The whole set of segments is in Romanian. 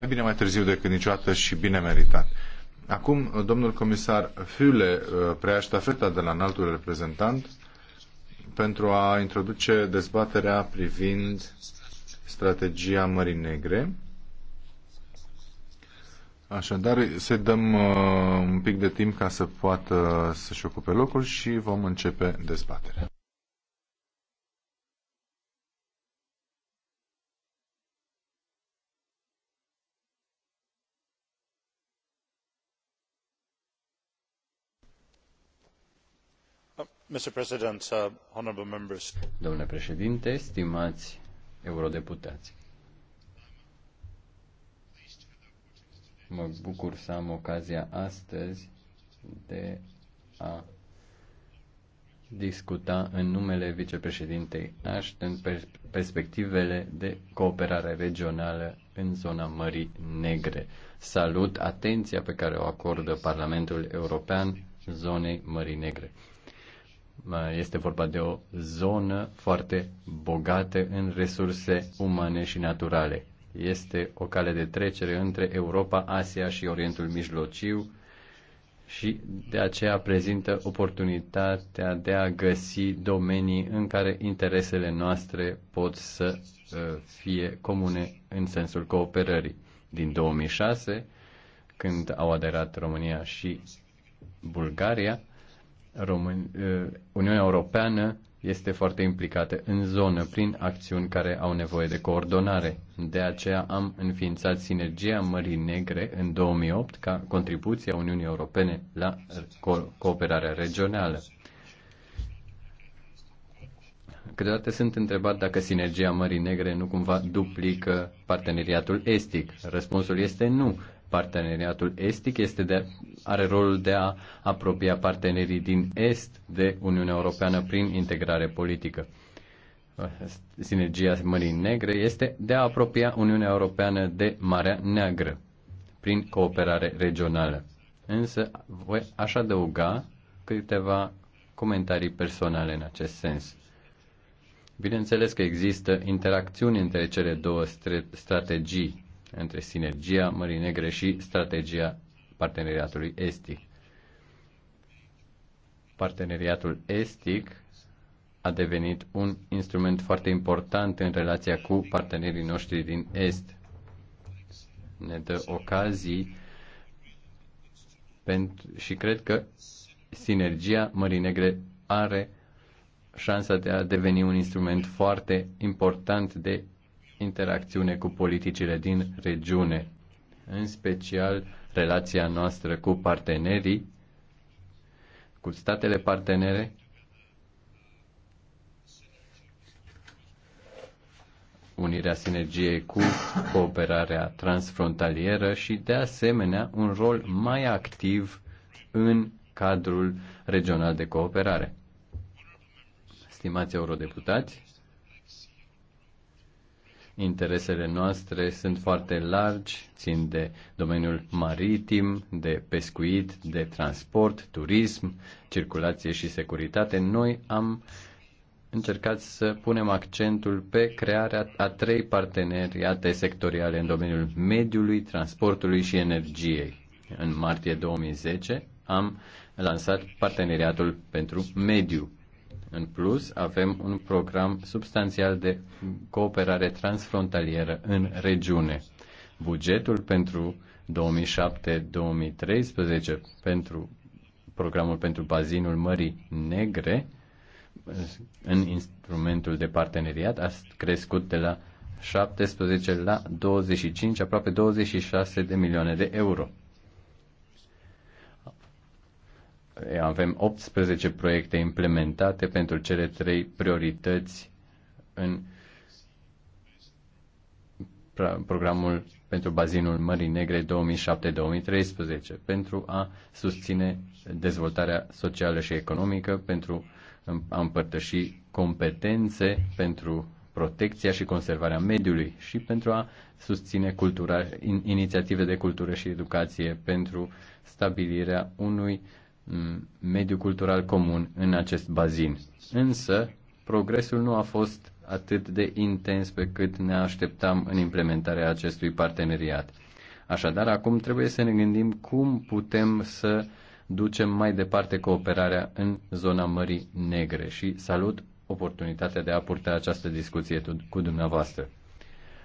Mai bine mai târziu decât niciodată și bine meritat. Acum, domnul comisar Füle uh, preia ștafeta de la înaltul reprezentant pentru a introduce dezbaterea privind strategia Mării Negre. Așadar, să dăm uh, un pic de timp ca să poată să-și ocupe locul și vom începe dezbaterea. Uh, Domnule președinte, stimați eurodeputați. Mă bucur să am ocazia astăzi de a discuta în numele vicepreședintei Ashton perspectivele de cooperare regională în zona Mării Negre. Salut atenția pe care o acordă Parlamentul European zonei Mării Negre. Eh, este vorba de o zonă foarte bogată în resurse umane și naturale. Este o cale de trecere între Europa, Asia și Orientul Mijlociu și de aceea prezintă oportunitatea de a găsi domenii în care interesele noastre pot să eh, fie comune în sensul cooperării. Din 2006, când au aderat România și Bulgaria, Român, uh, Uniunea Europeană este foarte implicată în zonă prin acțiuni care au nevoie de coordonare. De aceea am înființat sinergia Mării Negre în 2008 ca contribuție a Uniunii Europene la co- cooperarea regională. Câteodată sunt întrebat dacă sinergia Mării Negre nu cumva duplică parteneriatul estic. Răspunsul este nu. Parteneriatul estic este de, are rolul de a apropia partenerii din est de Uniunea Europeană prin integrare politică. Sinergia Mării Negre este de a apropia Uniunea Europeană de Marea Neagră prin cooperare regională. Însă voi aș adăuga câteva comentarii personale în acest sens. Bineînțeles că există interacțiuni între cele două strategii între sinergia Mării Negre și strategia parteneriatului estic. Parteneriatul estic a devenit un instrument foarte important în relația cu partenerii noștri din Est. Ne dă ocazii pentru, și cred că sinergia Mării Negre are șansa de a deveni un instrument foarte important de interacțiune cu politicile din regiune, în special relația noastră cu partenerii, cu statele partenere, unirea sinergiei cu cooperarea transfrontalieră și, de asemenea, un rol mai activ în cadrul regional de cooperare. Stimați eurodeputați, Interesele noastre sunt foarte largi, țin de domeniul maritim, de pescuit, de transport, turism, circulație și securitate. Noi am încercat să punem accentul pe crearea a trei parteneriate sectoriale în domeniul mediului, transportului și energiei. În martie 2010 am lansat parteneriatul pentru mediu. În plus, avem un program substanțial de cooperare transfrontalieră în regiune. Bugetul pentru 2007-2013 pentru programul pentru bazinul Mării Negre în instrumentul de parteneriat a crescut de la 17 la 25, aproape 26 de milioane de euro. avem 18 proiecte implementate pentru cele trei priorități în programul pentru bazinul Mării Negre 2007-2013 pentru a susține dezvoltarea socială și economică, pentru a împărtăși competențe pentru protecția și conservarea mediului și pentru a susține cultura, inițiative de cultură și educație pentru stabilirea unui uh, mediu cultural comun în acest bazin. Însă, progresul nu a fost atât de intens pe cât ne așteptam în implementarea acestui parteneriat. Așadar, acum trebuie să ne gândim cum putem să ducem mai departe cooperarea în zona Mării Negre și salut oportunitatea de a purta această discuție cu dumneavoastră.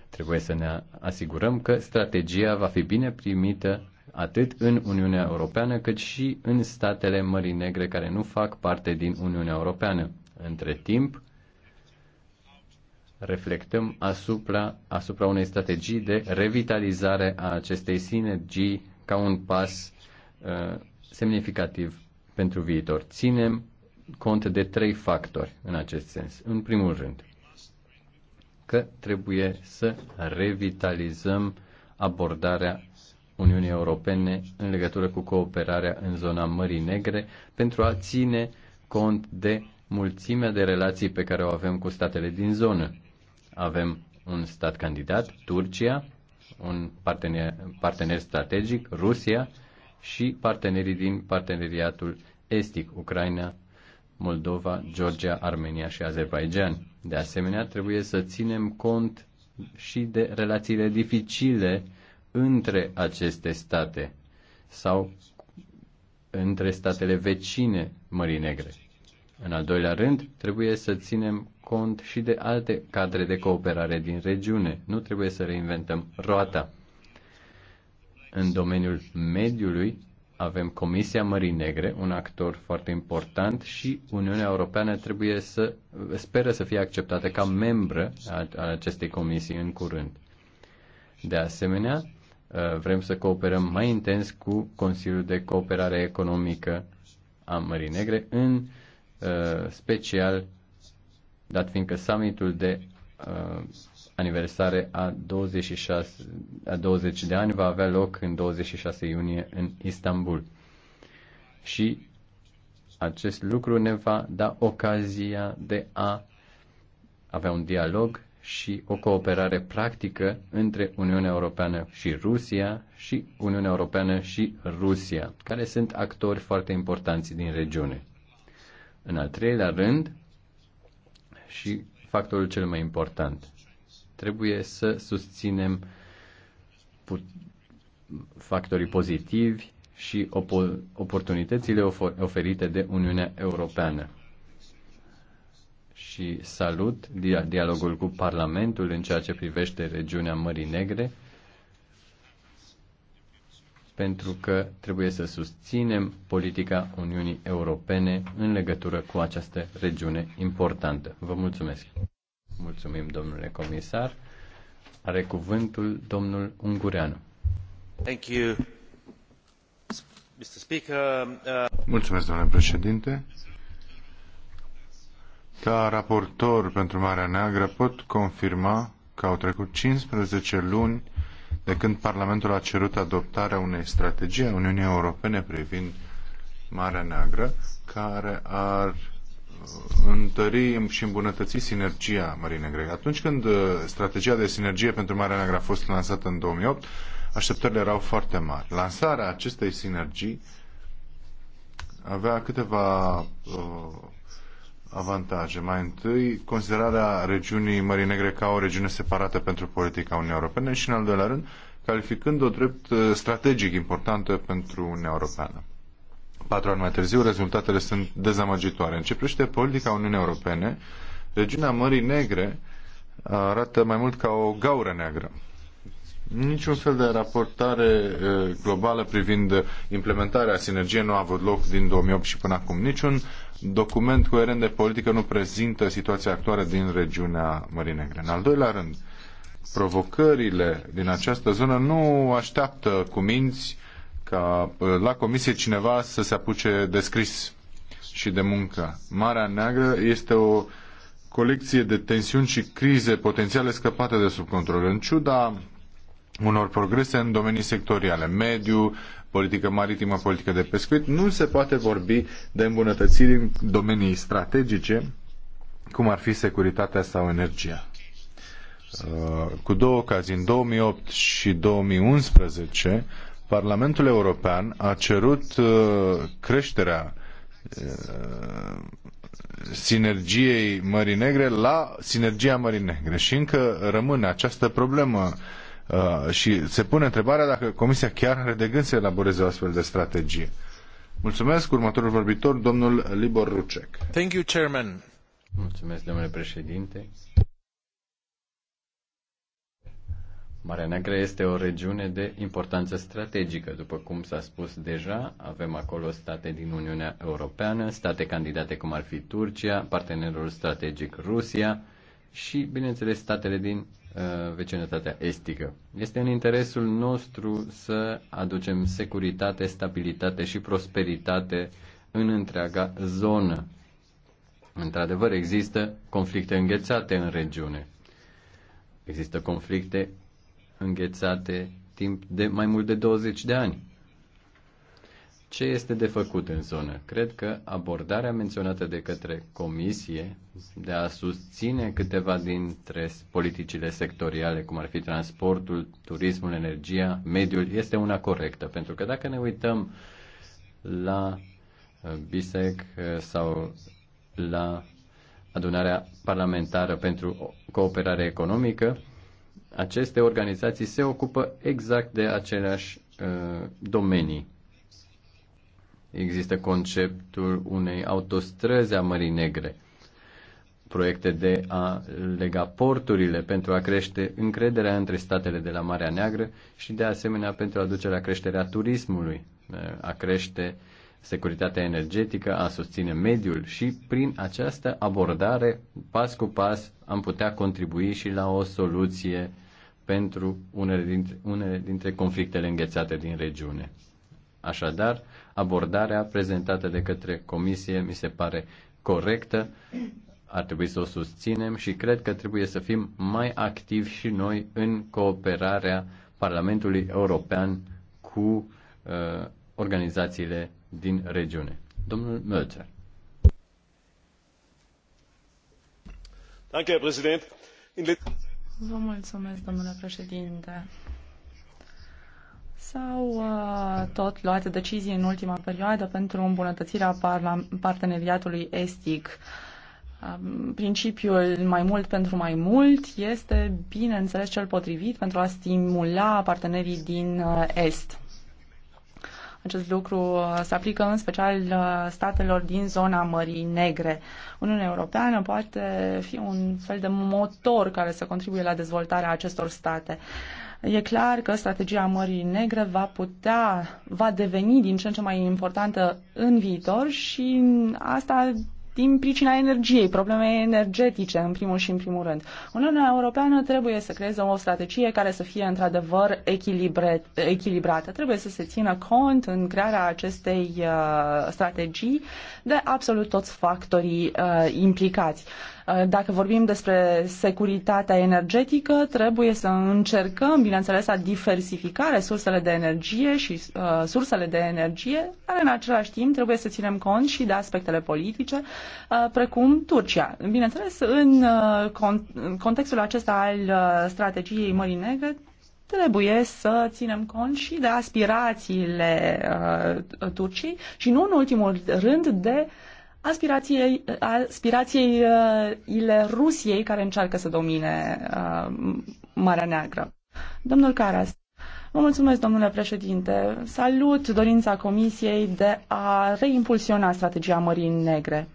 Trebuie să ne asigurăm că strategia va fi bine primită atât în Uniunea Europeană cât și în statele Mării Negre care nu fac parte din Uniunea Europeană. Între timp, reflectăm asupra, asupra unei strategii de revitalizare a acestei sinergii ca un pas uh, semnificativ pentru viitor. Ținem cont de trei factori în acest sens. În primul rând, că trebuie să revitalizăm abordarea Uniunii Europene în legătură cu cooperarea în zona Mării Negre pentru a ține cont de mulțimea de relații pe care o avem cu statele din zonă. Avem un stat candidat, Turcia, un partener, partener strategic, Rusia și partenerii din parteneriatul estic, Ucraina, Moldova, Georgia, Armenia și Azerbaijan. De asemenea, trebuie să ținem cont și de relațiile dificile între aceste state sau între statele vecine Mării Negre. În al doilea rând, trebuie să ținem cont și de alte cadre de cooperare din regiune. Nu trebuie să reinventăm roata. În domeniul mediului avem Comisia Mării Negre, un actor foarte important și Uniunea Europeană trebuie să speră să fie acceptată ca membră a acestei comisii în curând. De asemenea, Uh, vrem să cooperăm mai intens cu Consiliul de Cooperare Economică a Mării Negre, în uh, special dat fiindcă summitul de uh, aniversare a, 26, a 20 de ani va avea loc în 26 iunie în Istanbul. Și acest lucru ne va da ocazia de a avea un dialog și o cooperare practică între Uniunea Europeană și Rusia și Uniunea Europeană și Rusia, care sunt actori foarte importanți din regiune. În al treilea rând, și factorul cel mai important, trebuie să susținem factorii pozitivi și op- oportunitățile oferite de Uniunea Europeană și salut dialogul cu Parlamentul în ceea ce privește regiunea Mării Negre, pentru că trebuie să susținem politica Uniunii Europene în legătură cu această regiune importantă. Vă mulțumesc! Mulțumim, domnule comisar. Are cuvântul domnul Ungureanu. Thank you. Mr. Speaker, uh... Mulțumesc, domnule președinte. Ca raportor pentru Marea Neagră pot confirma că au trecut 15 luni de când Parlamentul a cerut adoptarea unei strategii a Uniunii Europene privind Marea Neagră, care ar uh, întări și îmbunătăți sinergia Mării Negre. Atunci când uh, strategia de sinergie pentru Marea Neagră a fost lansată în 2008, așteptările erau foarte mari. Lansarea acestei sinergii avea câteva uh, avantaje. Mai întâi, considerarea regiunii Mării Negre ca o regiune separată pentru politica Uniunii Europene și, în al doilea rând, calificând-o drept uh, strategic importantă pentru Uniunea Europeană. Patru ani mai târziu, rezultatele sunt dezamăgitoare. În ce privește politica Uniunii Europene, regiunea Mării Negre uh, arată mai mult ca o gaură neagră. Niciun fel de raportare globală privind implementarea sinergiei nu a avut loc din 2008 și până acum. Niciun document coerent de politică nu prezintă situația actuală din regiunea Mării Negre. În al doilea rând, provocările din această zonă nu așteaptă cu minți ca la comisie cineva să se apuce de scris și de muncă. Marea Neagră este o colecție de tensiuni și crize potențiale scăpate de sub control. În ciuda unor progrese în domenii sectoriale, mediu, politică maritimă, politică de pescuit, nu se poate vorbi de îmbunătățiri în domenii strategice, cum ar fi securitatea sau energia. Uh, cu două ocazii, în 2008 și 2011, Parlamentul European a cerut uh, creșterea uh, sinergiei Mării Negre la sinergia Mării Negre și încă rămâne această problemă Uh, și se pune întrebarea dacă Comisia chiar are de gând să elaboreze o astfel de strategie. Mulțumesc. Următorul vorbitor, domnul Libor Rucek. Thank you, Chairman. Mulțumesc, domnule președinte. Marea Neagră este o regiune de importanță strategică. După cum s-a spus deja, avem acolo state din Uniunea Europeană, state candidate cum ar fi Turcia, partenerul strategic Rusia și, bineînțeles, statele din Uh, vecinătatea estică. Este în interesul nostru să aducem securitate, stabilitate și prosperitate în întreaga zonă. Într-adevăr, există conflicte înghețate în regiune. Există conflicte înghețate timp de mai mult de 20 de ani. Ce este de făcut în zonă? Cred că abordarea menționată de către Comisie de a susține câteva dintre politicile sectoriale, cum ar fi transportul, turismul, energia, mediul, este una corectă. Pentru că dacă ne uităm la uh, BISEC uh, sau la adunarea parlamentară pentru cooperare economică, aceste organizații se ocupă exact de aceleași uh, domenii Există conceptul unei autostrăzi a Mării Negre, proiecte de a lega porturile pentru a crește încrederea între statele de la Marea Neagră și, de asemenea, pentru a duce la creșterea turismului, a crește securitatea energetică, a susține mediul și prin această abordare, pas cu pas, am putea contribui și la o soluție pentru unele dintre, unele dintre conflictele înghețate din regiune. Așadar, abordarea prezentată de către Comisie mi se pare corectă, ar trebui să o susținem și cred că trebuie să fim mai activi și noi în cooperarea Parlamentului European cu uh, organizațiile din regiune. Domnul Mölzer. Vă mulțumesc, domnule președinte. S-au uh, tot luat decizii în ultima perioadă pentru îmbunătățirea parteneriatului estic. Um, principiul mai mult pentru mai mult este, bineînțeles, cel potrivit pentru a stimula partenerii din uh, Est. Acest lucru uh, se aplică în special uh, statelor din zona Mării Negre. Uniunea Europeană poate fi un fel de motor care să contribuie la dezvoltarea acestor state. Uh, E clar că strategia Mării Negre va putea, va deveni din ce în ce mai importantă în viitor și asta din pricina energiei, probleme energetice, în primul și în primul rând. Uniunea Europeană trebuie să creeze o strategie care să fie într-adevăr echilibrată. Trebuie să se țină cont în crearea acestei uh, strategii de absolut toți factorii uh, implicați. Uh, dacă vorbim despre securitatea energetică, trebuie să încercăm, bineînțeles, să diversifica resursele de energie și uh, sursele de energie, dar în același timp trebuie să ținem cont și de aspectele politice, uh, precum Turcia. Bineînțeles, în uh, contextul acesta al uh, strategiei Mării Negre, trebuie să ținem cont și de aspirațiile uh, Turciei și nu în ultimul rând de aspirației, uh, ile Rusiei care încearcă să domine uh, Marea Neagră. Domnul Caras, vă mulțumesc, domnule președinte. Salut dorința Comisiei de a reimpulsiona strategia Mării Negre.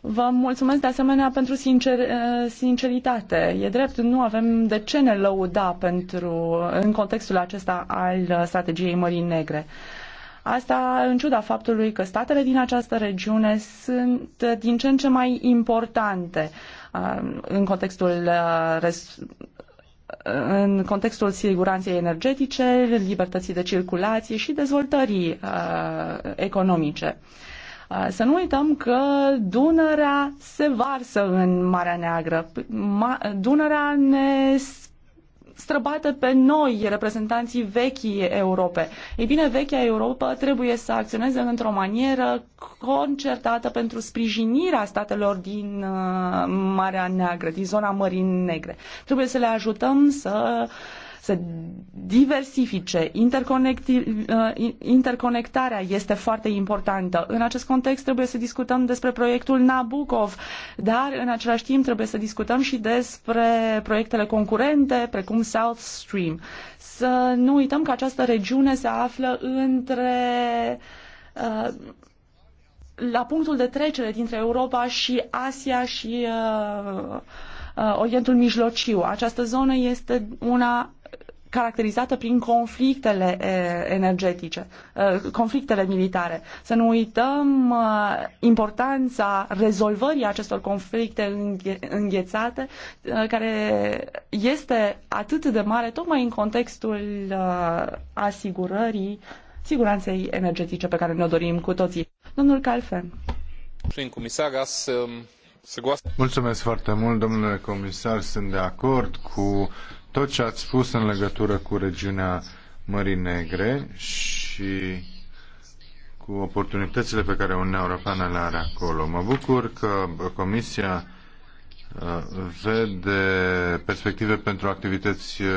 Vă mulțumesc de asemenea pentru sincer, uh, sinceritate. E drept, nu avem de ce ne lăuda pentru, în contextul acesta al uh, strategiei Mării Negre. Uh, Asta în ciuda faptului că statele din această regiune sunt uh, din ce în ce mai importante um, în contextul uh, uh, în contextul siguranței energetice, libertății de circulație și dezvoltării economice. Să nu uităm că Dunărea se varsă în Marea Neagră. Dunărea ne străbată pe noi, reprezentanții vechii Europe. Ei bine, vechea Europa trebuie să acționeze într-o manieră concertată pentru sprijinirea statelor din uh, Marea Neagră, din zona Mării Negre. Trebuie să le ajutăm să se diversifice. Uh, interconectarea este foarte importantă. În acest context trebuie să discutăm despre proiectul Nabucov, dar în același timp trebuie să discutăm și despre proiectele concurente, precum South Stream. Să nu uităm că această regiune se află între uh, la punctul de trecere dintre Europa și Asia și uh, uh, Orientul Mijlociu. Această zonă este una caracterizată prin conflictele energetice, conflictele militare. Să nu uităm importanța rezolvării acestor conflicte înghețate, care este atât de mare tocmai în contextul asigurării siguranței energetice pe care ne-o dorim cu toții. Domnul Calfen. Um, Mulțumesc foarte mult, domnule comisar. Sunt de acord cu tot ce ați spus în legătură cu regiunea Mării Negre și cu oportunitățile pe care Uniunea Europeană le are acolo. Mă bucur că Comisia uh, vede perspective pentru activități uh,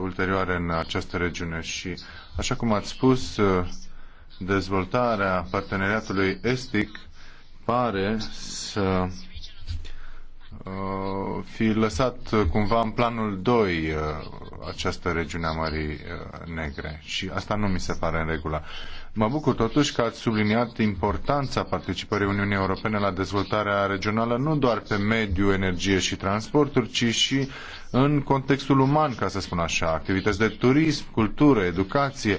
ulterioare în această regiune și, așa cum ați spus, uh, dezvoltarea parteneriatului estic pare să Uh, fi lăsat uh, cumva în planul 2 uh, această regiune a Mării Negre și asta nu mi se pare în regulă. Mă bucur totuși că ați subliniat importanța participării Uniunii Europene la dezvoltarea regională nu doar pe mediu, energie și transporturi, ci și în contextul uman, ca să spun așa, activități de turism, cultură, educație,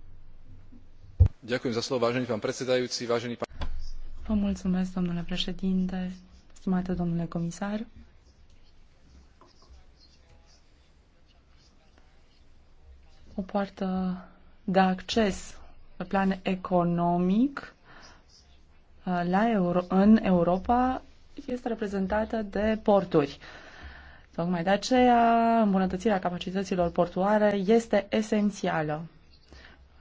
Vă mulțumesc, domnule președinte, stimate domnule comisar. O poartă de acces pe plan economic uh, la Euro- în Europa este reprezentată de porturi. Tocmai de aceea, îmbunătățirea capacităților portuare este esențială.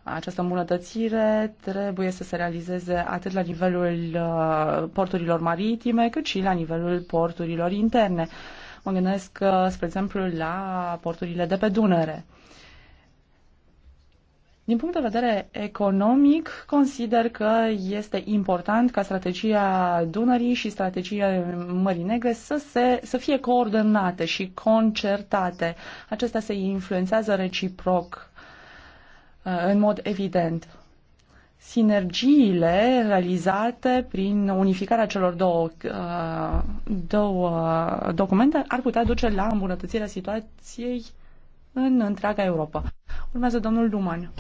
Această îmbunătățire trebuie să se realizeze atât la nivelul uh, porturilor maritime, cât și la nivelul porturilor interne. Mă gândesc, uh, spre exemplu, la porturile de pe Dunăre. Din punct de vedere economic, consider că este important ca strategia Dunării și strategia Mării Negre să, se, să fie coordonate și concertate. Acestea se influențează reciproc Uh, în mod evident. Sinergiile realizate prin unificarea celor două, uh, două documente ar putea duce la îmbunătățirea situației în întreaga Europa. Urmează domnul Luman.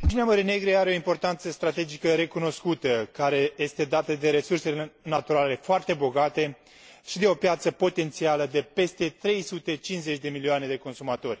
Regiunea Mării Negre are o importanță strategică recunoscută, care este dată de resurse naturale foarte bogate și de o piață potențială de peste 350 de milioane de consumatori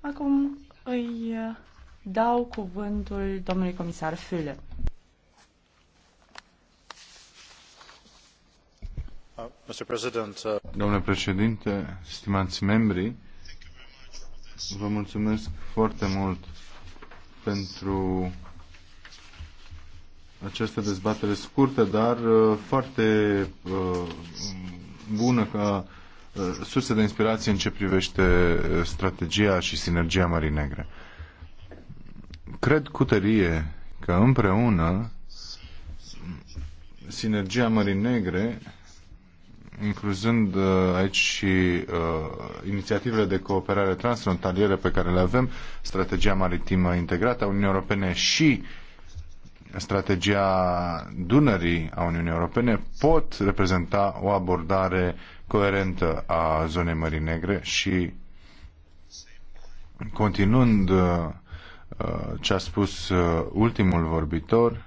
Acum îi uh, dau cuvântul domnului comisar Füle. Uh, uh, Domnule președinte, stimați membri, vă mulțumesc foarte mult pentru această dezbatere scurtă, dar foarte bună ca Uh, surse de inspirație în ce privește uh, strategia și sinergia Mării Negre. Cred cu tărie că împreună sinergia Mării Negre, incluzând uh, aici și uh, inițiativele de cooperare transfrontaliere pe care le avem, strategia maritimă integrată a Uniunii Europene și strategia Dunării a Uniunii Europene pot reprezenta o abordare coerentă a zonei Mării Negre și continuând uh, uh, ce a spus uh, ultimul vorbitor,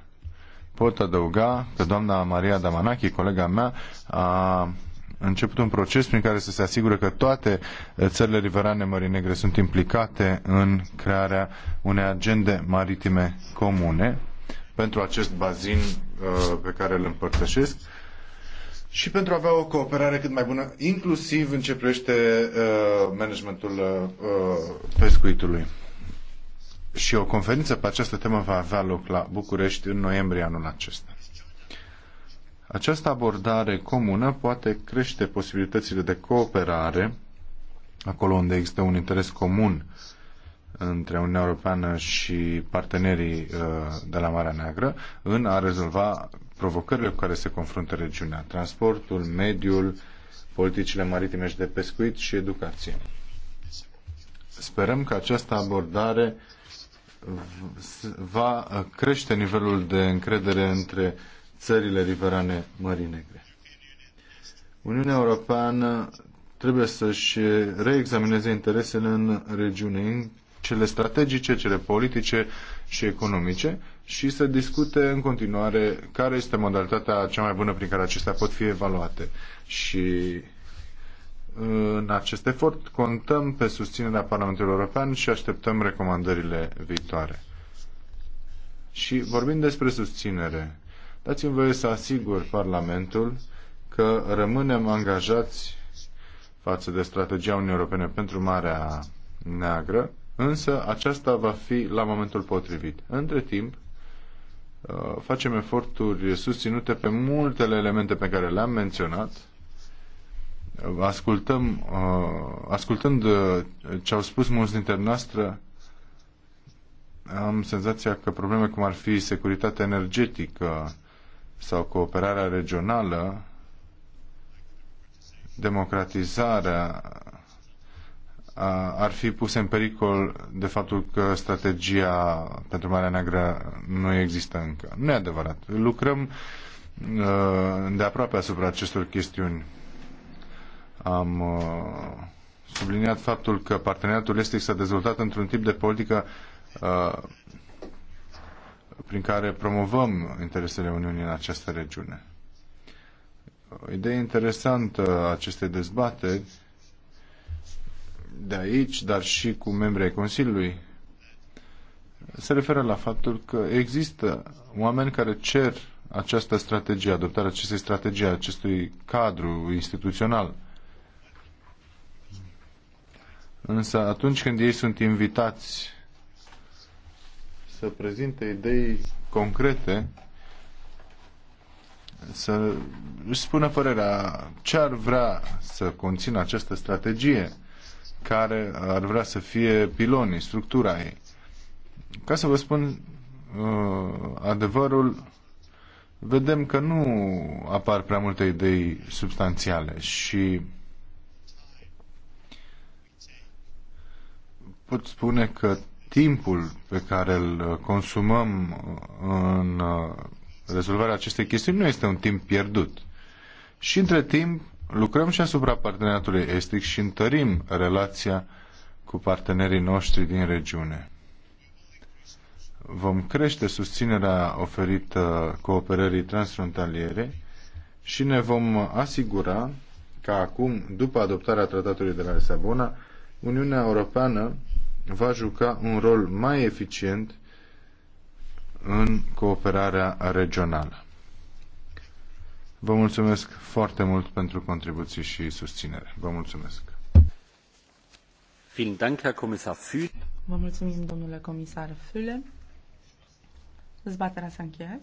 pot adăuga că doamna Maria Damanachi, colega mea, a început un proces prin care să se asigure că toate țările riverane Mării Negre sunt implicate în crearea unei agende maritime comune pentru acest bazin pe care îl împărtășesc și pentru a avea o cooperare cât mai bună, inclusiv în ce privește uh, managementul uh, uh, pescuitului. Și o conferință pe această temă va avea loc la București în noiembrie anul acesta. Această abordare comună poate crește posibilitățile de cooperare acolo unde există un interes comun între Uniunea Europeană și partenerii uh, de la Marea Neagră în a rezolva provocările cu care se confruntă regiunea, transportul, mediul, politicile maritime și de pescuit și educație. Sperăm că această abordare va crește nivelul de încredere între țările riverane Mării Negre. Uniunea Europeană trebuie să-și reexamineze interesele în regiune, în cele strategice, cele politice și economice și să discute în continuare care este modalitatea cea mai bună prin care acestea pot fi evaluate. Și uh, în acest efort contăm pe susținerea Parlamentului European și așteptăm recomandările viitoare. Și vorbind despre susținere, dați-mi voie să asigur Parlamentul că rămânem angajați față de strategia Uniunii Europene pentru Marea Neagră, însă aceasta va fi la momentul potrivit. Între timp, Uh, facem eforturi susținute pe multele elemente pe care le-am menționat. Uh, ascultăm, uh, ascultând ce au spus mulți dintre noastre, am senzația că probleme cum ar fi securitatea energetică sau cooperarea regională, democratizarea ar fi puse în pericol de faptul că strategia pentru Marea Neagră nu există încă. Nu e adevărat. Lucrăm de aproape asupra acestor chestiuni. Am subliniat faptul că parteneriatul estic s-a dezvoltat într-un tip de politică prin care promovăm interesele Uniunii în această regiune. O idee interesantă a acestei dezbateri de aici, dar și cu membrii Consiliului, se referă la faptul că există oameni care cer această strategie, adoptarea acestei strategii, acestui cadru instituțional. Însă atunci când ei sunt invitați să prezinte idei concrete, să își spună părerea ce ar vrea să conțină această strategie, care ar vrea să fie pilonii, structura ei. Ca să vă spun uh, adevărul, vedem că nu apar prea multe idei substanțiale și pot spune că timpul pe care îl consumăm în uh, rezolvarea acestei chestiuni nu este un timp pierdut. Și între timp lucrăm și asupra parteneriatului estic și întărim relația cu partenerii noștri din regiune. Vom crește susținerea oferită cooperării transfrontaliere și ne vom asigura că acum, după adoptarea tratatului de la Lisabona, Uniunea Europeană va juca un rol mai eficient în cooperarea regională. Vă mulțumesc foarte mult pentru contribuții și susținere. Vă mulțumesc. Vă mulțumim, domnule comisar Füle. Dezbaterea s-a încheiat.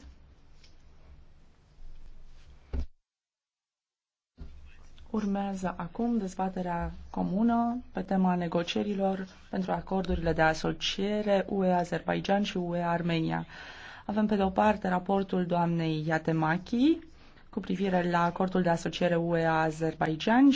Urmează acum dezbaterea comună pe tema negocierilor pentru acordurile de asociere UE-Azerbaidjan și UE-Armenia. Avem pe de o parte raportul doamnei Iatemachi, cu privire la acordul de asociere UE-Azerbaidjan